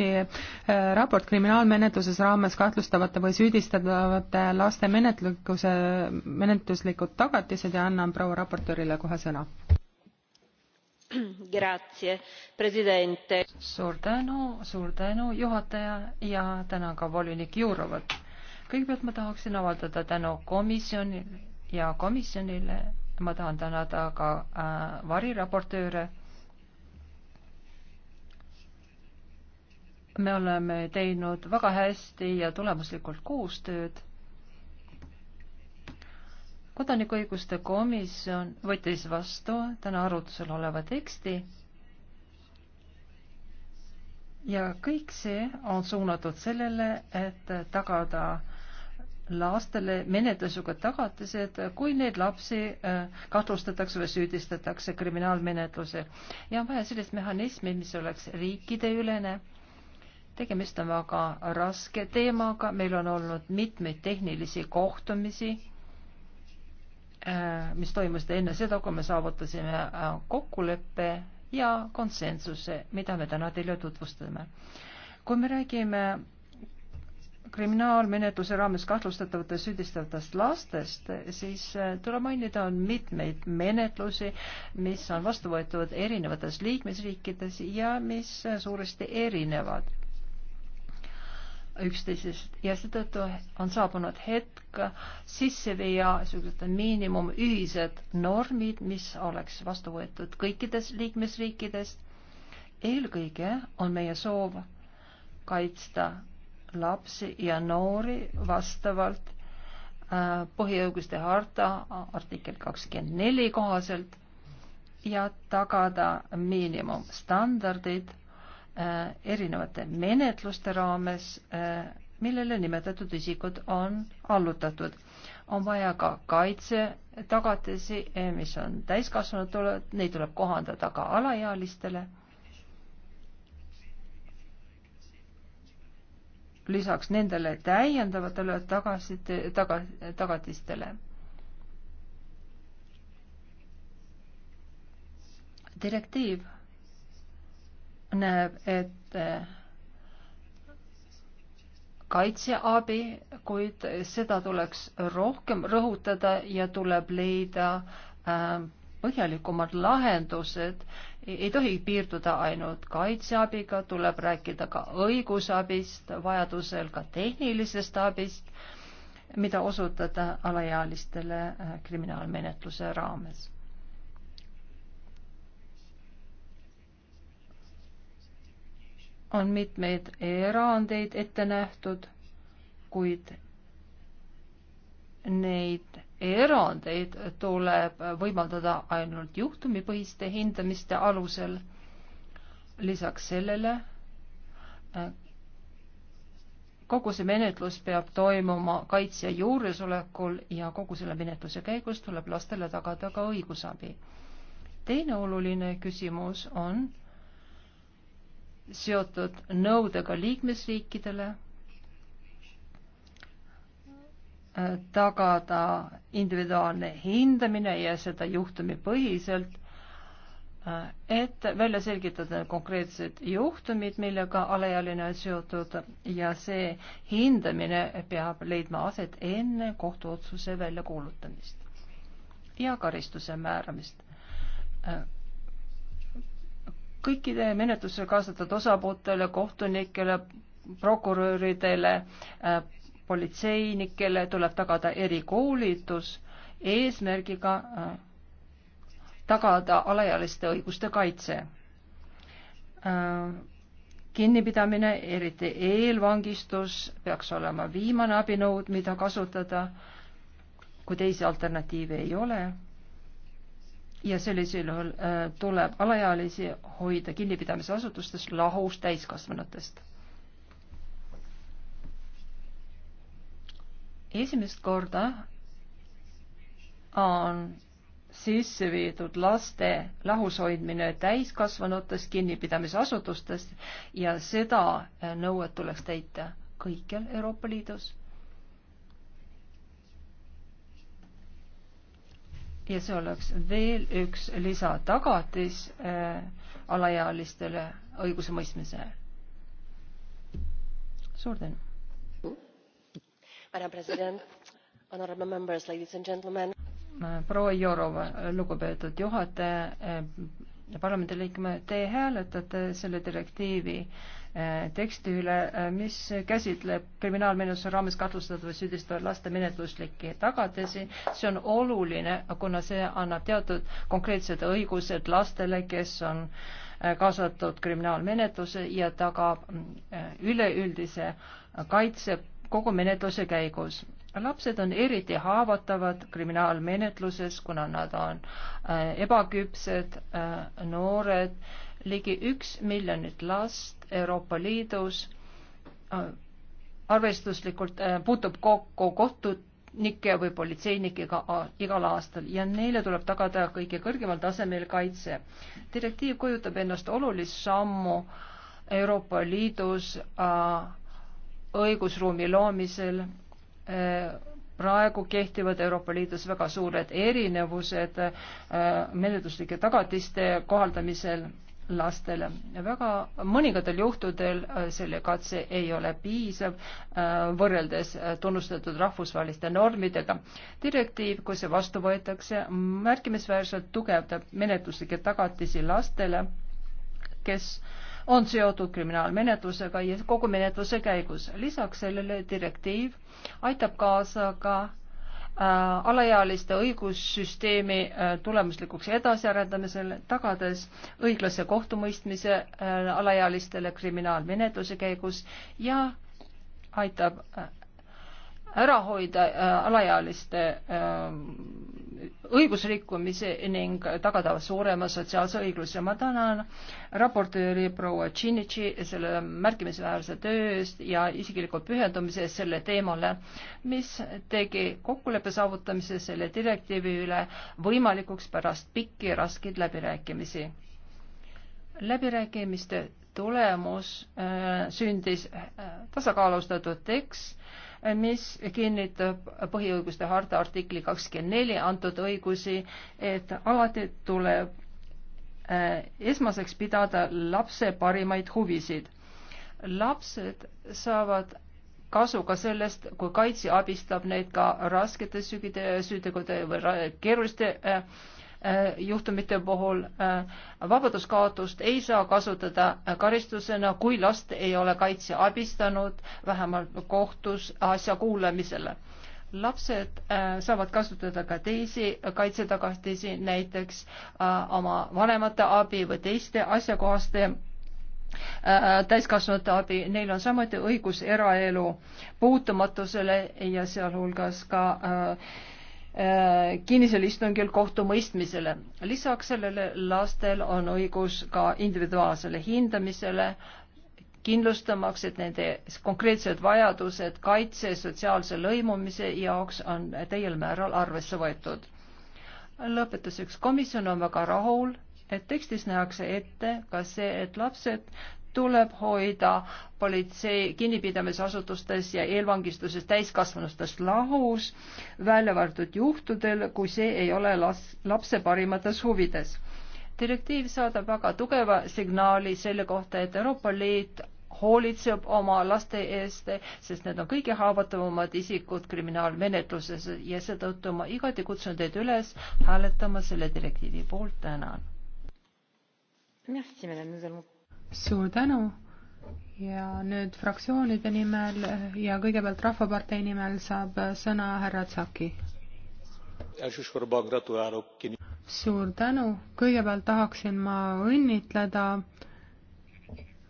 Tšetši äh, raport kriminaalmenetluses raames kahtlustavate või süüdistatavate laste menetlikkuse, menetluslikud tagatised ja annan proua raportöörile kohe sõna. suur tänu, suur tänu juhataja ja tänan ka volinik Jurovat. kõigepealt ma tahaksin avaldada tänu komisjonile ja komisjonile, ma tahan tänada ka äh, variraportööre me oleme teinud väga hästi ja tulemuslikult koostööd. kodanikuõiguste komisjon võttis vastu täna arutusel oleva teksti ja kõik see on suunatud sellele, et tagada lastele menetlusega tagatised, kui neid lapsi äh, kahtlustatakse või süüdistatakse kriminaalmenetlusel ja on vaja sellist mehhanismi, mis oleks riikideülene tegemist on väga raske teemaga, meil on olnud mitmeid tehnilisi kohtumisi, äh, mis toimusid enne seda, kui me saavutasime äh, kokkuleppe ja konsensuse, mida me täna teile tutvustame. kui me räägime kriminaalmenetluse raames kahtlustatavatest süüdistavatest lastest, siis äh, tuleb mainida, on mitmeid menetlusi, mis on vastu võetud erinevates liikmesriikides ja mis suuresti erinevad üksteisest ja seetõttu on saabunud hetk sisse viia niisugused miinimum ühised normid, mis oleks vastu võetud kõikides liikmesriikides. eelkõige on meie soov kaitsta lapsi ja noori vastavalt äh, põhiõiguste harta artikkel kakskümmend neli kohaselt ja tagada miinimumstandardid Äh, erinevate menetluste raames, äh, millele nimetatud isikud on allutatud. on vaja ka kaitsetagatusi, eh, mis on täiskasvanutele, neid tuleb kohandada ka alaealistele lisaks nendele täiendavatele tagasid, taga, tagatistele. direktiiv näeb ette äh, kaitseabi, kuid seda tuleks rohkem rõhutada ja tuleb leida äh, põhjalikumad lahendused. ei tohi piirduda ainult kaitseabiga, tuleb rääkida ka õigusabist, vajadusel ka tehnilisest abist, mida osutada alaealistele äh, kriminaalmenetluse raames on mitmeid erandeid ette nähtud, kuid neid erandeid tuleb võimaldada ainult juhtumipõhiste hindamiste alusel. lisaks sellele äh, kogu see menetlus peab toimuma kaitsja juuresolekul ja kogu selle menetluse käigus tuleb lastele tagada ka õigusabi. teine oluline küsimus on äh, seotud nõudega liikmesriikidele äh, tagada individuaalne hindamine ja seda juhtumipõhiselt, äh, et välja selgitada konkreetsed juhtumid, millega alaealine on seotud ja see hindamine peab leidma aset enne kohtuotsuse väljakuulutamist ja karistuse määramist äh, kõikide menetlusse kaasatud osapooltele, kohtunikele, prokuröridele, äh, politseinikele tuleb tagada erikoolitus eesmärgiga äh, tagada alaealiste õiguste kaitse. Äh, kinnipidamine, eriti eelvangistus, peaks olema viimane abinõud, mida kasutada, kui teisi alternatiive ei ole ja sellisel juhul äh, tuleb alaealisi hoida kinnipidamisasutustes lahus täiskasvanutest. esimest korda on sisse viidud laste lahushoidmine täiskasvanutest kinnipidamisasutustest ja seda äh, nõuet tuleks täita kõikjal Euroopa Liidus ja see oleks veel üks lisatagatis äh, alaealistele õigusemõistmise. suur tänu. Madam President, honorable members, ladies and gentlemen äh, proua Jorova, lugupeetud juhataja, äh, parlamendiliikme, te hääletate selle direktiivi äh, teksti üle, äh, mis käsitleb kriminaalmenetluse raames kahtlustatud või süüdistatud laste menetluslikke tagatisi. see on oluline, kuna see annab teatud konkreetsed õigused lastele, kes on äh, kaasatud kriminaalmenetluse ja tagab üleüldise kaitse kogu menetluse käigus lapsed on eriti haavatavad kriminaalmenetluses, kuna nad on äh, ebaküpsed, äh, noored, ligi üks miljonit last Euroopa Liidus äh, arvestuslikult puutub kokku kohtunike või politseinikega igal aastal ja neile tuleb tagada kõige kõrgemal tasemel kaitse. direktiiv kujutab endast olulist sammu Euroopa Liidus õigusruumi loomisel praegu kehtivad Euroopa Liidus väga suured erinevused äh, menetluslike tagatiste kohaldamisel lastele. väga mõningatel juhtudel äh, selle katse ei ole piisav äh, võrreldes tunnustatud rahvusvaheliste normidega. direktiiv, kui see vastu võetakse, märkimisväärselt tugevdab menetluslikke tagatisi lastele, kes äh, on seotud kriminaalmenetlusega ja kogu menetluse käigus. lisaks sellele direktiiv aitab kaasa ka äh, alaealiste õigussüsteemi äh, tulemuslikuks edasiarendamisel, tagades õiglase kohtumõistmise äh, alaealistele kriminaalmenetluse käigus ja aitab ära hoida äh, alaealiste äh, õigusrikkumisi ning tagada suurema sotsiaalse õigluse. ma tänan raportööri proua Tšinitši selle märkimisväärse töö eest ja isiklikult pühendumise eest selle teemale, mis tegi kokkuleppe saavutamise selle direktiivi üle võimalikuks pärast pikki raskeid läbirääkimisi. läbirääkimiste tulemus äh, sündis äh, tasakaalustatud tekst, mis kinnitab põhiõiguste harta artikli kakskümmend neli antud õigusi, et alati tuleb äh, esmaseks pidada lapse parimaid huvisid. lapsed saavad kasu ka sellest, kui kaitse abistab neid ka raskete süütegude või keeruliste äh, Äh, juhtumite puhul äh, vabaduskaotust ei saa kasutada äh, karistusena, kui last ei ole kaitsja abistanud vähemalt kohtus asja kuulamisele. lapsed saavad kasutada ka teisi kaitsetagatisi, näiteks oma vanemate abi või teiste asjakohaste täiskasvanute abi, neil on samuti õigus eraelu puutumatusele ja sealhulgas ka äh, Äh, kinnisel istungil kohtumõistmisele. lisaks sellele lastel on õigus ka individuaalsele hindamisele, kindlustamaks, et nende konkreetsed vajadused kaitse sotsiaalse lõimumise jaoks on täiel määral arvesse võetud. lõpetuseks, komisjon on väga rahul, et tekstis nähakse ette ka see, et lapsed tuleb hoida politsei kinnipidamisasutustes ja eelvangistuses täiskasvanustest lahus, välja arvatud juhtudel, kui see ei ole las-, lapse parimates huvides. direktiiv saadab väga tugeva signaali selle kohta, et Euroopa Liit hoolitseb oma laste eest, sest need on kõige haavatavamad isikud kriminaalmenetluses ja seetõttu ma igati kutsun teid üles hääletama selle direktiivi poolt, tänan. Merci, madame, nous allons suur tänu ja nüüd fraktsioonide nimel ja kõigepealt Rahvapartei nimel saab sõna härra Tsaki. suur tänu, kõigepealt tahaksin ma õnnitleda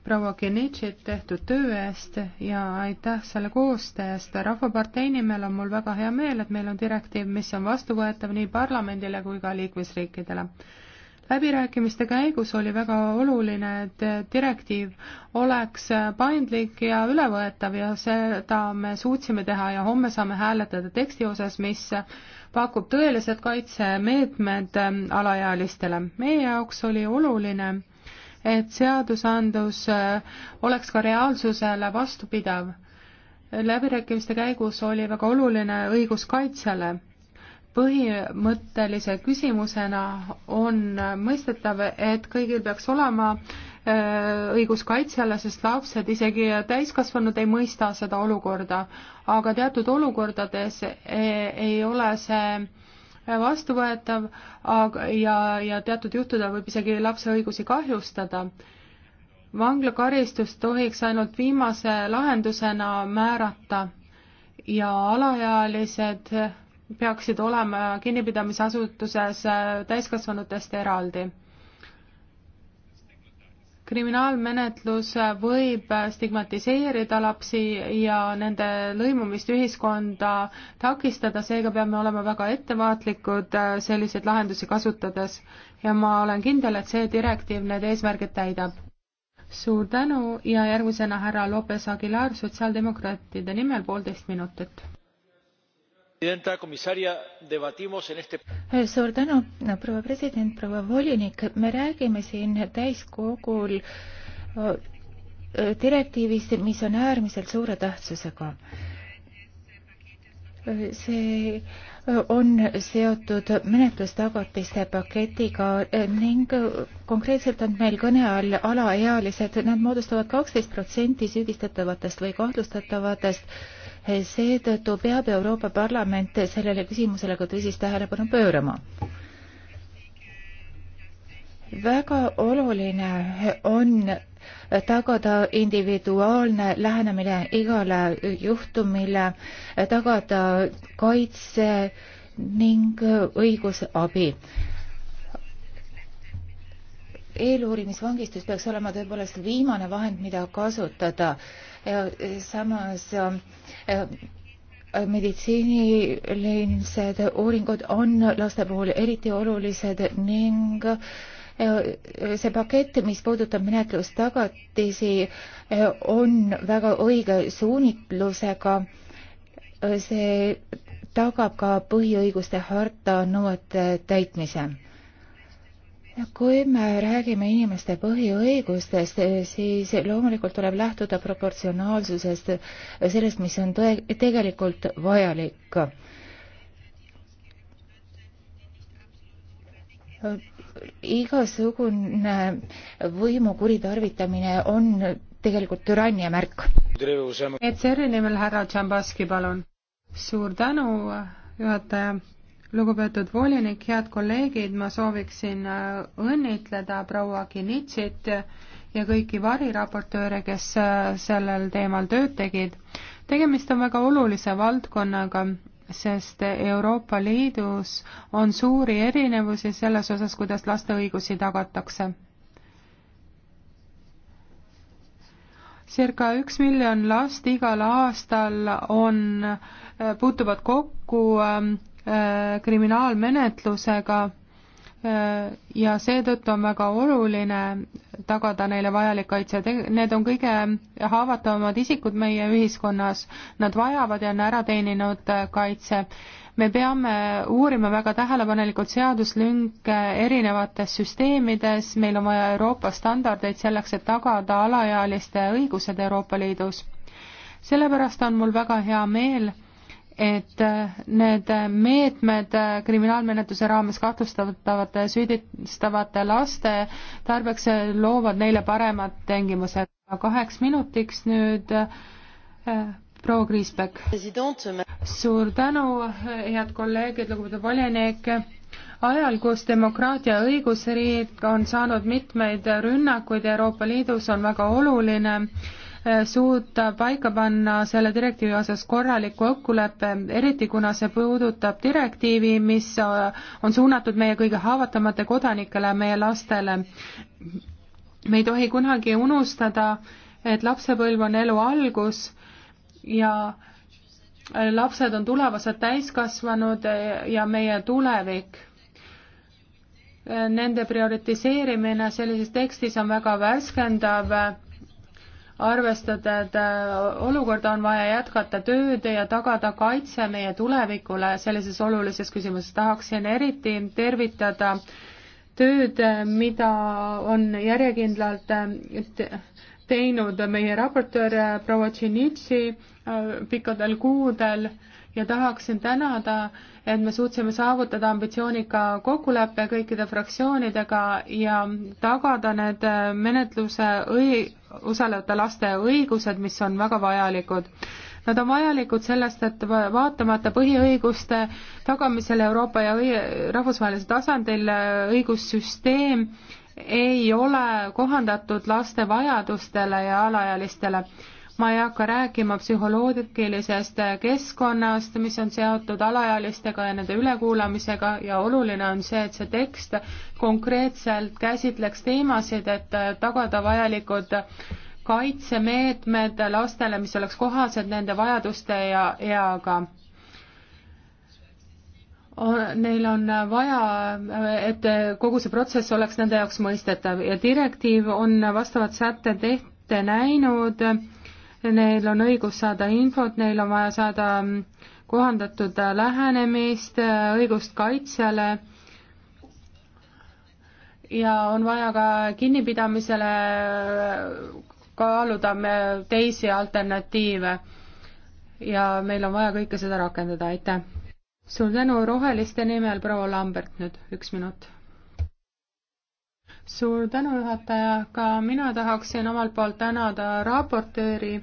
proua Genitšit tehtud töö eest ja aitäh selle koostöö eest. rahvapartei nimel on mul väga hea meel, et meil on direktiiv, mis on vastuvõetav nii parlamendile kui ka liikmesriikidele läbirääkimiste käigus oli väga oluline, et direktiiv oleks paindlik ja ülevõetav ja seda me suutsime teha ja homme saame hääletada teksti osas, mis pakub tõelised kaitsemeetmed ähm, alaealistele. meie jaoks oli oluline, et seadusandlus äh, oleks ka reaalsusele vastupidav läbirääkimiste käigus oli väga oluline õiguskaitsele põhimõttelise küsimusena on mõistetav, et kõigil peaks olema äh, õigus kaitsjale, sest lapsed, isegi täiskasvanud ei mõista seda olukorda, aga teatud olukordades e, ei ole see vastuvõetav aga, ja, ja teatud juhtudel võib isegi lapse õigusi kahjustada. vanglakaristus tohiks ainult viimase lahendusena määrata ja alaealised peaksid olema kinnipidamisasutuses äh, täiskasvanutest eraldi. kriminaalmenetlus äh, võib äh, stigmatiseerida lapsi ja nende lõimumist ühiskonda takistada, seega peame olema väga ettevaatlikud selliseid lahendusi kasutades ja ma olen kindel, et see direktiiv need eesmärgid täidab. suur tänu ja järgmisena härra Lopes Aguilar sotsiaaldemokraatide nimel poolteist minutit suur tänu, proua president, proua volinik, me räägime siin täiskogul äh, direktiivist, mis on äärmiselt suure tähtsusega see äh, on seotud menetlustagatiste paketiga äh, ning äh, konkreetselt on meil kõne all alaealised, nad moodustavad kaksteist protsenti süüdistatavatest või kahtlustatavatest. seetõttu peab Euroopa Parlament sellele küsimusele ka tõsist tähelepanu pöörama väga oluline on tagada individuaalne lähenemine igale juhtumile, tagada kaitse ning õigusabi. eeluurimisvangistus peaks olema tõepoolest viimane vahend, mida kasutada. samas äh, meditsiinilised uuringud on laste puhul eriti olulised ning äh, Äh, see pakett, mis puudutab menetlustagatisi, äh, on väga õige suunitlusega. Äh, see tagab ka põhiõiguste harta nõuete täitmise kui me räägime inimeste põhiõigustest, siis loomulikult tuleb lähtuda proportsionaalsusest, sellest, mis on tõe, tegelikult vajalik igasugune võimu kuritarvitamine on tegelikult türannia märk. ECR-i nimel härra Tšambaski, palun. suur tänu, juhataja. lugupeetud volinik, head kolleegid, ma sooviksin äh, õnnitleda proua Kinitsit ja kõiki variraportööre, kes äh, sellel teemal tööd tegid. tegemist on väga olulise valdkonnaga sest Euroopa Liidus on suuri erinevusi selles osas, kuidas laste õigusi tagatakse. circa üks miljon last igal aastal on, äh, puutuvad kokku ähm, äh, kriminaalmenetlusega Äh, ja seetõttu on väga oluline tagada neile vajalik kaitse. Need on kõige haavatavamad isikud meie ühiskonnas, nad vajavad ja on ära teeninud äh, kaitse. me peame uurima väga tähelepanelikult seaduslünke erinevates süsteemides, meil on vaja Euroopa standardeid selleks, et tagada alaealiste õigused Euroopa Liidus. sellepärast on mul väga hea meel et äh, need meetmed äh, kriminaalmenetluse raames kahtlustatavate, süüdistavate laste tarbeks äh, loovad neile paremad tingimused. kaheks minutiks nüüd proua Kriisbeck. suur tänu, head kolleegid, lugupeetud volinik ajal, kus demokraatia õigusriik on saanud mitmeid rünnakuid Euroopa Liidus, on väga oluline, suuta paika panna selle direktiivi osas korraliku kokkuleppe, eriti kuna see puudutab direktiivi, mis äh, on suunatud meie kõige haavatavamate kodanikele, meie lastele. me ei tohi kunagi unustada, et lapsepõlv on elu algus ja lapsed on tulevased täiskasvanud ja meie tulevik. Nende prioritiseerimine sellises tekstis on väga värskendav arvestada, et äh, olukorda on vaja jätkata tööd ja tagada kaitse meie tulevikule sellises olulises küsimuses. tahaksin eriti tervitada tööd, mida on järjekindlalt äh, teinud meie raportöör äh, proua Tšinitši pikkadel kuudel ja tahaksin tänada, et me suutsime saavutada ambitsioonika kokkuleppe kõikide fraktsioonidega ja tagada need menetluse õi-, osalevate laste õigused, mis on väga vajalikud. Nad on vajalikud sellest, et vaatamata põhiõiguste tagamisele Euroopa ja rahvusvahelisel tasandil äh, õigussüsteem ei ole kohandatud laste vajadustele ja alaealistele ma ei hakka rääkima psühholoogilisest keskkonnast, mis on seotud alaealistega ja nende ülekuulamisega ja oluline on see, et see tekst konkreetselt käsitleks teemasid, et tagada vajalikud kaitsemeetmed lastele, mis oleks kohased nende vajaduste ja eaga neil on vaja, et kogu see protsess oleks nende jaoks mõistetav ja direktiiv on vastavad sätted ette näinud neil on õigus saada infot, neil on vaja saada kohandatud lähenemist, õigust kaitsele ja on vaja ka kinnipidamisele kaaluda teisi alternatiive. ja meil on vaja kõike seda rakendada, aitäh! suur tänu roheliste nimel, proua Lambert nüüd, üks minut suur tänu, juhataja, ka mina tahaksin omalt poolt tänada raportööri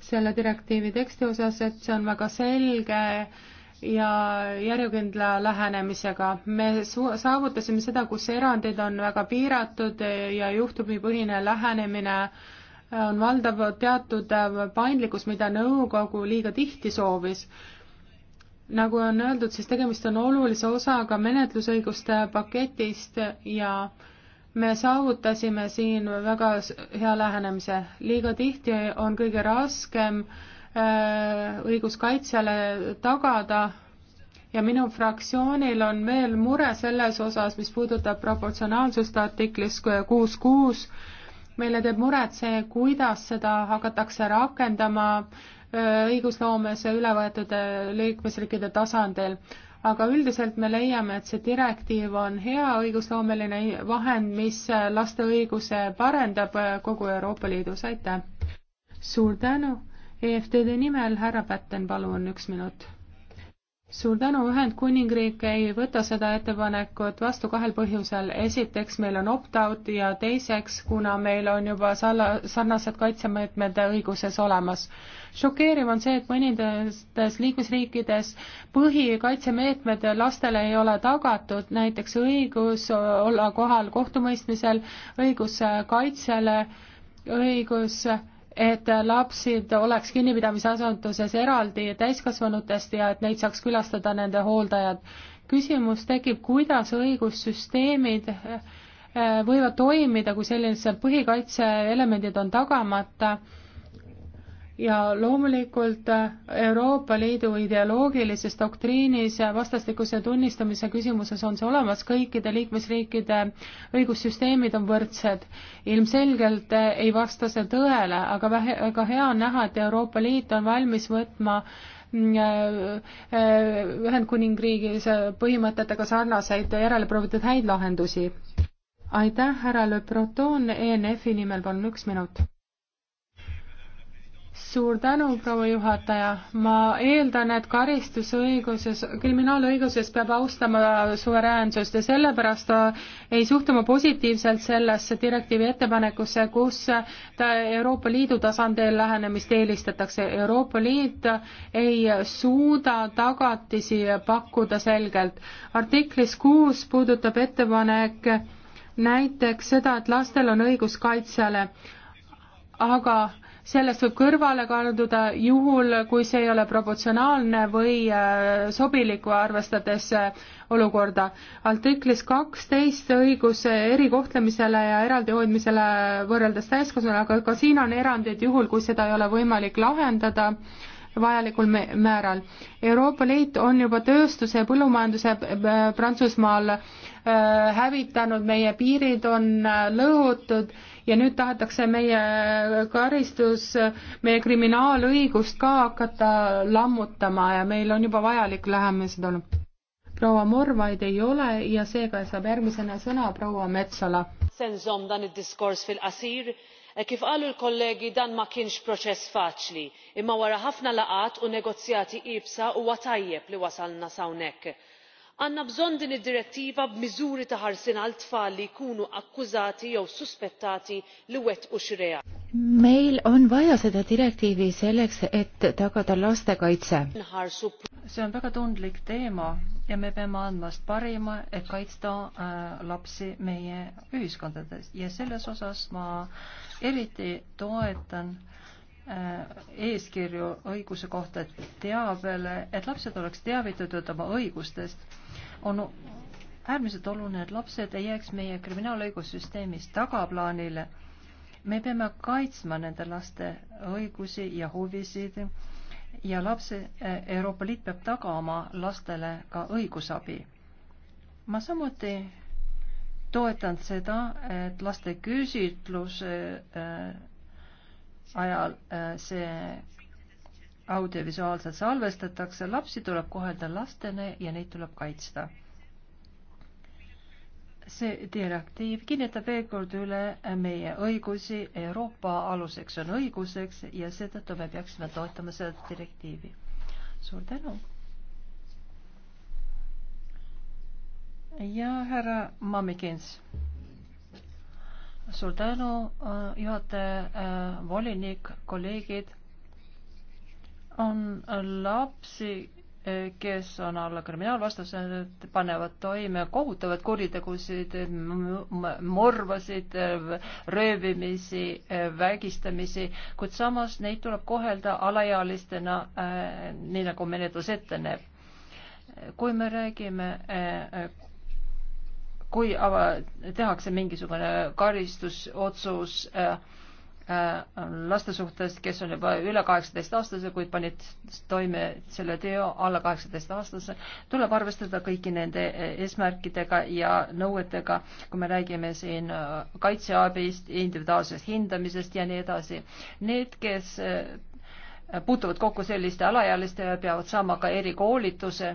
selle direktiivi teksti osas, et see on väga selge ja järjekindla lähenemisega. me saavutasime seda, kus erandid on väga piiratud ja juhtumipõhine lähenemine on valdav teatud paindlikkus, mida nõukogu liiga tihti soovis nagu on öeldud, siis tegemist on olulise osaga menetlusõiguste paketist ja äh, me saavutasime siin väga hea lähenemise. liiga tihti on kõige raskem äh, õiguskaitsjale tagada ja minu fraktsioonil on veel mure selles osas, mis puudutab proportsionaalsust artiklis kuus kuus. meile teeb muret see, kuidas seda hakatakse rakendama äh, õigusloomes üle võetud äh, liikmesriikide tasandil aga üldiselt me leiame, et see direktiiv on hea õigusloomeline vahend, mis laste õiguse parendab kogu Euroopa Liidus, aitäh! suur tänu! EFTD nimel härra Pätten, palun, üks minut suur tänu, Ühendkuningriik ei võta seda ettepanekut vastu kahel põhjusel. esiteks, meil on opt-out ja teiseks, kuna meil on juba sala-, sarnased kaitsemeetmed õiguses olemas. šokeeriv on see, et mõnides liikmesriikides põhikaitsemeetmed lastele ei ole tagatud, näiteks õigus olla kohal kohtumõistmisel, õigus kaitsele, õigus äh, et lapsid oleks kinnipidamisasutuses eraldi täiskasvanutest ja et neid saaks külastada nende hooldajad. küsimus tekib, kuidas õigussüsteemid eh, võivad toimida, kui sellised põhikaitse elemendid on tagamata ja loomulikult äh, Euroopa Liidu ideoloogilises doktriinis vastastikuse tunnistamise küsimuses on see olemas, kõikide liikmesriikide õigussüsteemid on võrdsed. ilmselgelt äh, ei vasta see tõele, aga väga hea on näha, et Euroopa Liit on valmis võtma mm, äh, Ühendkuningriigis põhimõtetega sarnaseid järeleproovitud häid lahendusi. aitäh, härra Le Breton, ENF-i nimel palun üks minut suur tänu, proua juhataja. ma eeldan, et karistusõiguses, kriminaalõiguses peab austama suveräänsust ja sellepärast ei suhtu ma positiivselt sellesse direktiivi ettepanekusse, kus ta Euroopa Liidu tasandil lähenemist eelistatakse. Euroopa Liit ei suuda tagatisi pakkuda selgelt. artiklis kuus puudutab ettepanek näiteks seda, et lastel on õigus kaitsjale, aga sellest võib kõrvale kalduda juhul, kui see ei ole proportsionaalne või äh, sobiliku, arvestades äh, olukorda. artiklis kaksteist õigus äh, erikohtlemisele ja eraldihoidmisele võrreldes täiskasvanuga, ka siin on erandid juhul, kui seda ei ole võimalik lahendada vajalikul määral. Euroopa Liit on juba tööstuse ja põllumajanduse Prantsusmaal äh, hävitanud, meie piirid on äh, lõhutud ja nüüd tahetakse meie karistus, meie kriminaalõigust ka hakata lammutama ja meil on juba vajalik lähemised olnud. proua Morvaid ei ole ja seega saab järgmisena sõna proua Metsola kif qalu l-kollegi dan ma kienx proċess faċli imma wara ħafna laqgħat u negozjati qiebsa huwa tajjeb li wasalna hawnhekk. għandna bżonn din id direttiva b'miżuri ta' ħarsien għal tfal li jkunu akkużati jew suspettati li wettqu xi reat. meil on vaja seda direktiivi selleks et tagada lastekaitse. see on väga tundlik teema ja me peame andmast parima, et kaitsta äh, lapsi meie ühiskondades ja selles osas ma eriti toetan äh, eeskirju õiguse kohta teabele, et lapsed oleks teavitatud oma õigustest. on äärmiselt oluline, et lapsed ei jääks meie kriminaalõigussüsteemis tagaplaanile. me peame kaitsma nende laste õigusi ja huvisid ja lapse eh, Euroopa Liit peab tagama lastele ka õigusabi. ma samuti toetan seda, et laste küsitluse eh, ajal eh, see audiovisuaalselt salvestatakse, lapsi tuleb kohelda lastena ja neid tuleb kaitsta see direktiiv kinnitab veel kord üle meie õigusi, Euroopa aluseks on õiguseks ja seetõttu me peaksime toetama seda direktiivi. suur tänu. ja härra Mamikins. suur tänu, äh, juhataja, äh, volinik, kolleegid. on lapsi kes on alla kriminaalvastased, panevad toime kohutavaid kuritegusid, morvasid, röövimisi, vägistamisi, kuid samas neid tuleb kohelda alaealistena äh, nii, nagu menetlus ette näeb. kui me räägime äh, kui ava-, tehakse mingisugune karistusotsus äh, Äh, laste suhtes, kes on juba üle kaheksateist aastase, kuid panid toime selle teo alla kaheksateist aastase, tuleb arvestada kõigi nende äh, eesmärkidega ja nõuetega, kui me räägime siin äh, kaitseabist, individuaalsest hindamisest ja nii edasi. Need, kes puutuvad kokku selliste alaealistega, peavad saama ka erikoolituse,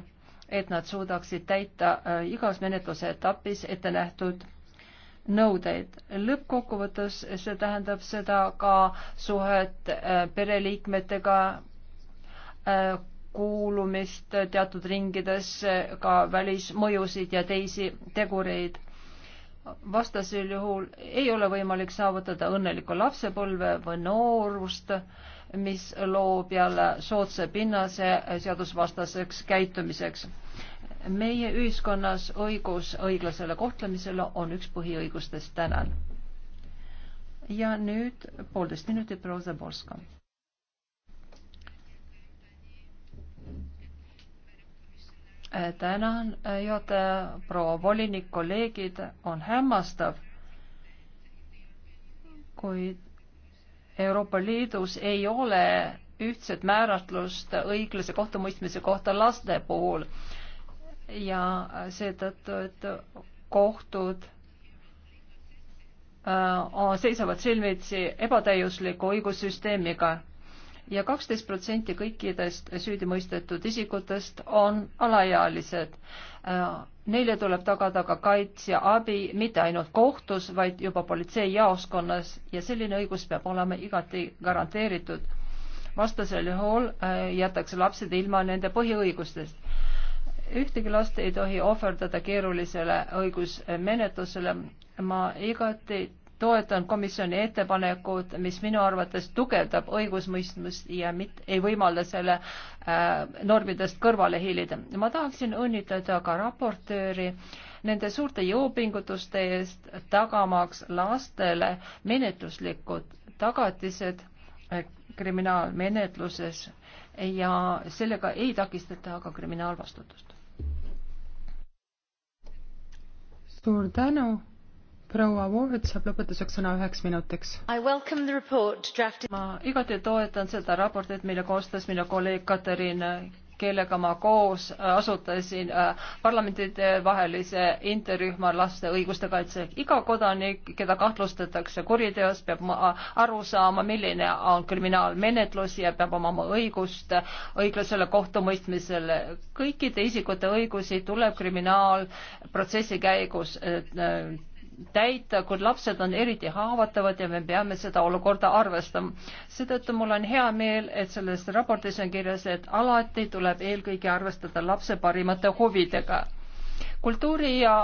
et nad suudaksid täita igas menetluse etapis ette nähtud nõudeid. lõppkokkuvõttes see tähendab seda ka suhet äh, pereliikmetega, äh, kuulumist teatud ringides, äh, ka välismõjusid ja teisi tegureid. vastasel juhul ei ole võimalik saavutada õnnelikku lapsepõlve või noorust, mis loob jälle soodsa pinnase seadusvastaseks käitumiseks meie ühiskonnas õigus õiglasele kohtlemisele on üks põhiõigustest tänan. ja nüüd poolteist minutit proua Zaborska. tänan, juhataja, proua volinik, kolleegid, on hämmastav, kuid Euroopa Liidus ei ole ühtset määratlust õiglase kohtumõistmise kohta laste puhul ja seetõttu, et kohtud äh, seisavad silmitsi ebatäiusliku õigussüsteemiga ja kaksteist protsenti kõikidest süüdimõistetud isikutest on alaealised. Äh, neile tuleb tagada ka kaitse ja abi mitte ainult kohtus, vaid juba politseijaoskonnas ja selline õigus peab olema igati garanteeritud. vastasel juhul äh, jätakse lapsed ilma nende põhiõigustest ühtegi last ei tohi ohverdada keerulisele õigusmenetlusele. ma igati toetan komisjoni ettepanekut, mis minu arvates tugevdab õigusmõistmist ja mit, ei võimalda selle äh, normidest kõrvale hiilida. ma tahaksin õnnitleda ka raportööri nende suurte jõupingutuste eest, tagamaks lastele menetluslikud tagatised äh, kriminaalmenetluses ja sellega ei takistata aga kriminaalvastutust. suur tänu proua Ward saab lõpetuseks sõna üheks minutiks. ma igati toetan seda raportit, mille koostas minu kolleeg Katariin kellega ma koos äh, asutasin äh, parlamentidevahelise interrühma laste õiguste kaitse. iga kodanik, keda kahtlustatakse kuriteos, peab äh, aru saama, milline on kriminaalmenetlus ja peab omama õigust õiglasele kohtumõistmisele. kõikide isikute õigusi tuleb kriminaalprotsessi käigus täita, kuid lapsed on eriti haavatavad ja me peame seda olukorda arvestama. seetõttu mul on hea meel, et selles raportis on kirjas, et alati tuleb eelkõige arvestada lapse parimate huvidega kultuuri- ja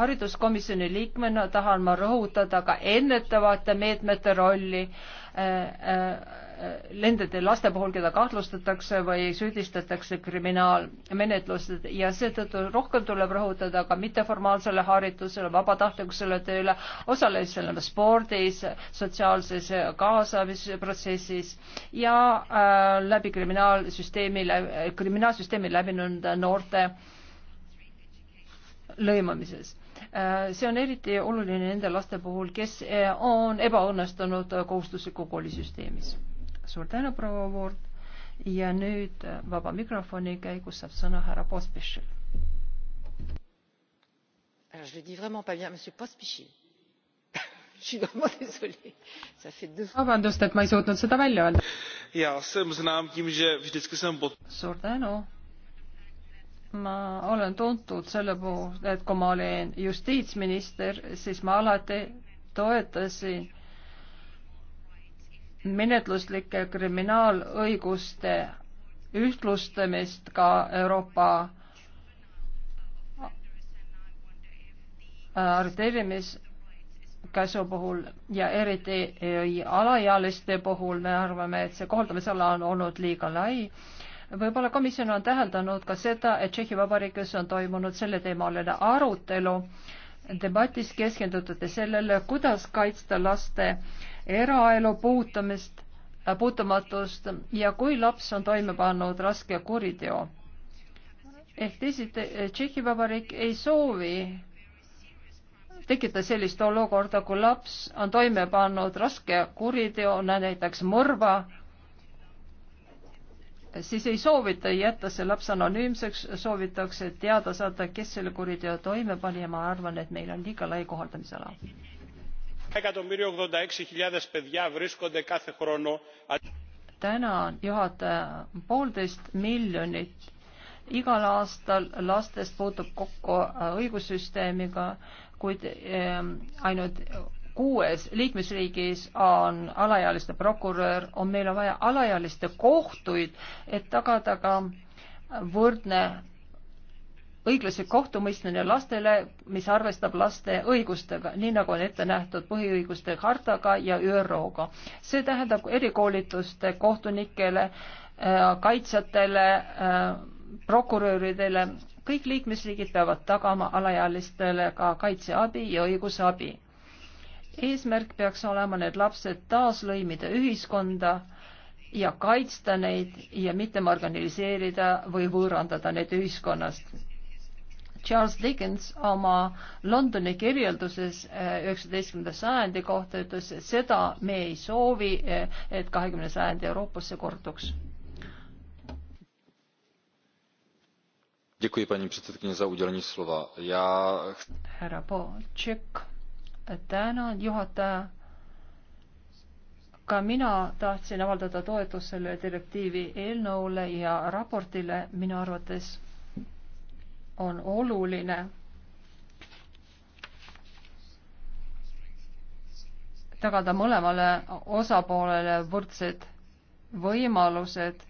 hariduskomisjoni liikmena tahan ma rõhutada ka ennetavate meetmete rolli äh, äh, nende laste puhul, keda kahtlustatakse või süüdistatakse kriminaalmenetlused ja seetõttu rohkem tuleb rõhutada ka mitteformaalsele haridusele, vabatahtlikkusele tööle, osalemisele spordis, sotsiaalses kaasamisprotsessis ja äh, läbi kriminaalsüsteemile, kriminaalsüsteemi läbinud noorte lõimamises äh, see on eriti oluline nende laste puhul, kes äh, on ebaõnnestunud kohustusliku koolisüsteemis suur tänu, proua Voord ja nüüd äh, vaba mikrofoni käigus saab sõna härra Pospišil. Alors je le dis vraiment pas bien, monsieur Pospišil vabandust, et ma ei suutnud seda välja öelda. ja, see on sõnam, et vždycky jsem pod-. suur tänu. ma olen tuntud selle puhul, et kui ma olin justiitsminister, siis ma alati toetasin menetluslike kriminaalõiguste ühtlustamist ka Euroopa äh, arreteerimiskäsu puhul ja eriti alaealiste puhul me arvame, et see kohaldamisala on olnud liiga lai. võib-olla komisjon on täheldanud ka seda, et Tšehhi Vabariigis on toimunud selleteemaline arutelu, debatis keskendutud sellele, kuidas kaitsta laste eraelu puutumist, äh, puutumatust ja kui laps on toime pannud raske kuriteo. ehk teisiti, äh, Tšehhi Vabariik ei soovi tekitada sellist olukorda, kui laps on toime pannud raske kuriteo, näiteks mõrva, siis ei soovita jätta see laps anonüümseks, soovitakse teada saada, kes selle kuriteo toime pani ja ma arvan, et meil on liiga lai kohaldamisala εκατομμύριο 86.000 παιδιά βρίσκονται κάθε χρόνο. Tänan juhataja, poolteist miljonit igal aastal lastest puutub kokku äh, õigussüsteemiga, kuid ähm, ainult kuues liikmesriigis on alaealiste prokurör, on meil on vaja alaealiste kohtuid, et tagada ka võrdne õiglaslik kohtumõistmine lastele, mis arvestab laste õigustega, nii nagu on ette nähtud põhiõiguste hartaga ja ÜRO-ga. see tähendab erikoolitust kohtunikele, äh, kaitsjatele, äh, prokuröridele, kõik liikmesriigid peavad tagama alaealistele ka kaitseabi ja õigusabi. eesmärk peaks olema need lapsed taaslõimida ühiskonda ja kaitsta neid ja mitte marginaliseerida või võõrandada neid ühiskonnast Charles Dickens oma Londoni kirjelduses eh, üheksateistkümnenda sajandi kohta ütles, et seda me ei soovi, eh, et kahekümne sajandi Euroopas see korduks. härra Poltšik, tänan juhataja. ka mina tahtsin avaldada toetust selle direktiivi eelnõule ja raportile minu arvates on oluline. tagada mõlemale osapoolele võrdsed võimalused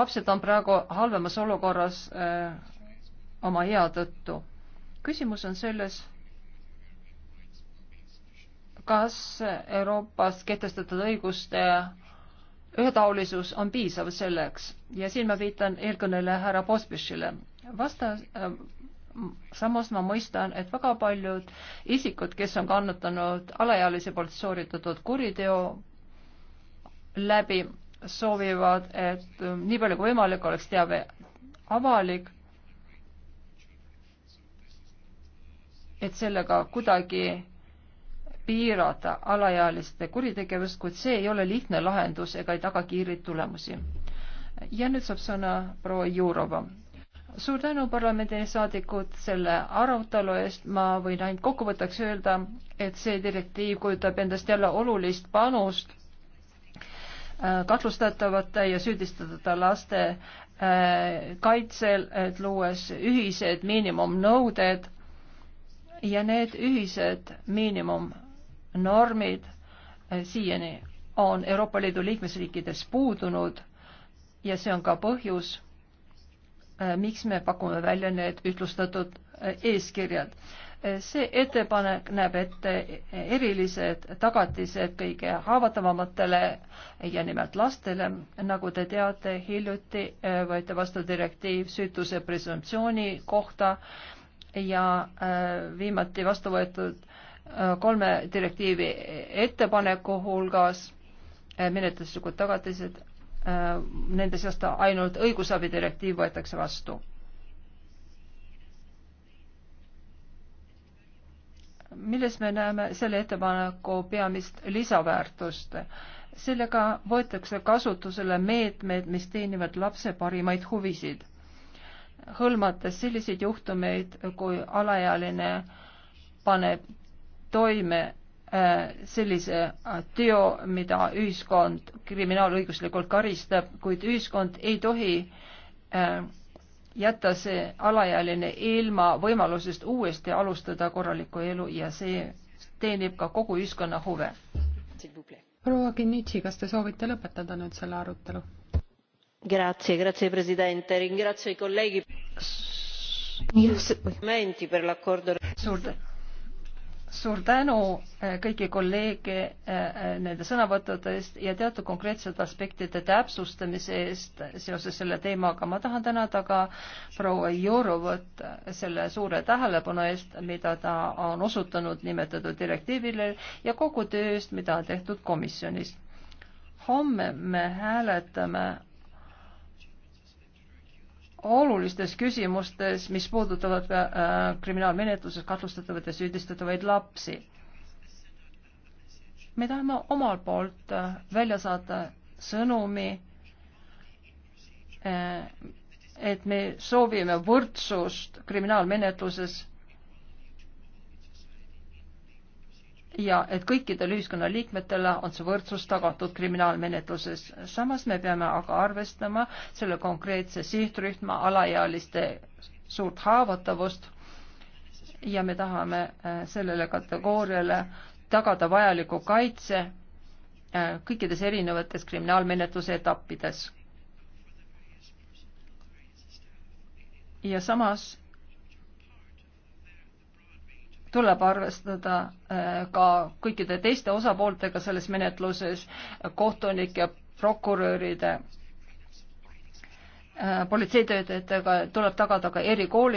lapsed on praegu halvemas olukorras öö, äh, oma ea tõttu. küsimus on selles kas Euroopas kehtestatud õiguste ühetaolisus on piisav selleks ja siin ma viitan eelkõneleja härra Pospišile. vasta äh,, samas ma mõistan, et väga paljud isikud, kes on kannatanud alaealise poolt sooritatud kuriteo läbi, soovivad, et äh, nii palju kui võimalik oleks teave avalik, et sellega kuidagi piirata alaealiste kuritegevust, kuid see ei ole lihtne lahendus ega ei taga kiireid tulemusi. ja nüüd saab sõna proua Jurova. suur tänu parlamendisaadikud selle arutelu eest, ma võin ainult kokkuvõtteks öelda, et see direktiiv kujutab endast jälle olulist panust äh, katlustatavate ja süüdistatavate laste äh, kaitsel, et luues ühised miinimumnõuded ja need ühised miinimum normid eh, siiani on Euroopa Liidu liikmesriikides puudunud ja see on ka põhjus, eh, miks me pakume välja need ütlustatud eh, eeskirjad. see ettepanek näeb ette erilised tagatised kõige haavatavamatele ja nimelt lastele. nagu te teate, hiljuti võeti vastu direktiiv süütuse presumptsiooni kohta ja viimati vastu võetud Äh, kolme direktiivi ettepaneku hulgas äh, menetluslikud tagatised, äh, nende seast ainult õigusabi direktiiv võetakse vastu. milles me näeme selle ettepaneku peamist lisaväärtust? sellega võetakse kasutusele meetmed, mis teenivad lapse parimaid huvisid, hõlmates selliseid juhtumeid, kui alaealine paneb toime äh, sellise äh, teo, mida ühiskond kriminaalõiguslikult karistab, kuid ühiskond ei tohi äh, jätta see alaealine ilma võimalusest uuesti alustada korralikku elu ja see teenib ka kogu ühiskonna huve. proua Kinnitši, kas te soovite lõpetada nüüd selle arutelu? Grazie, grazie presidente, ringrazio i colleghi. suur tänu suur tänu eh, kõiki kolleege eh, eh, nende sõnavõttude eest ja teatud konkreetsete aspektide täpsustamise eest seoses selle teemaga. ma tahan tänada ka proua Jurovat selle suure tähelepanu eest, mida ta on osutanud nimetatud direktiivile ja kogu töö eest, mida on tehtud komisjonis. homme me hääletame olulistes küsimustes, mis puudutavad äh, kriminaalmenetluses kahtlustatavaid ja süüdistatavaid lapsi. me tahame omalt poolt äh, välja saata sõnumi, äh, et me soovime võrdsust kriminaalmenetluses ja et kõikidele ühiskonnaliikmetele on see võrdsus tagatud kriminaalmenetluses. samas me peame aga arvestama selle konkreetse sihtrühma alaealiste suurt haavatavust ja me tahame äh, sellele kategooriale tagada vajaliku kaitse äh, kõikides erinevates kriminaalmenetluse etappides. ja samas tuleb arvestada äh, ka kõikide teiste osapooltega selles menetluses, kohtunike, prokuröride, äh, politseitöötajatega, tuleb tagada ka erikoolid.